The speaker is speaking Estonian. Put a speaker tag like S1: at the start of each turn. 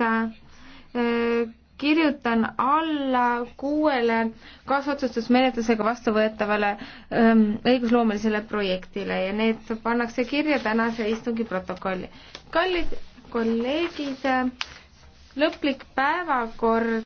S1: Äh, kirjutan alla kuuele kaasotsustusmenetlusega vastuvõetavale ähm, õigusloomelisele projektile ja need pannakse kirja tänase istungi protokolli. kallid kolleegid,
S2: lõplik päevakord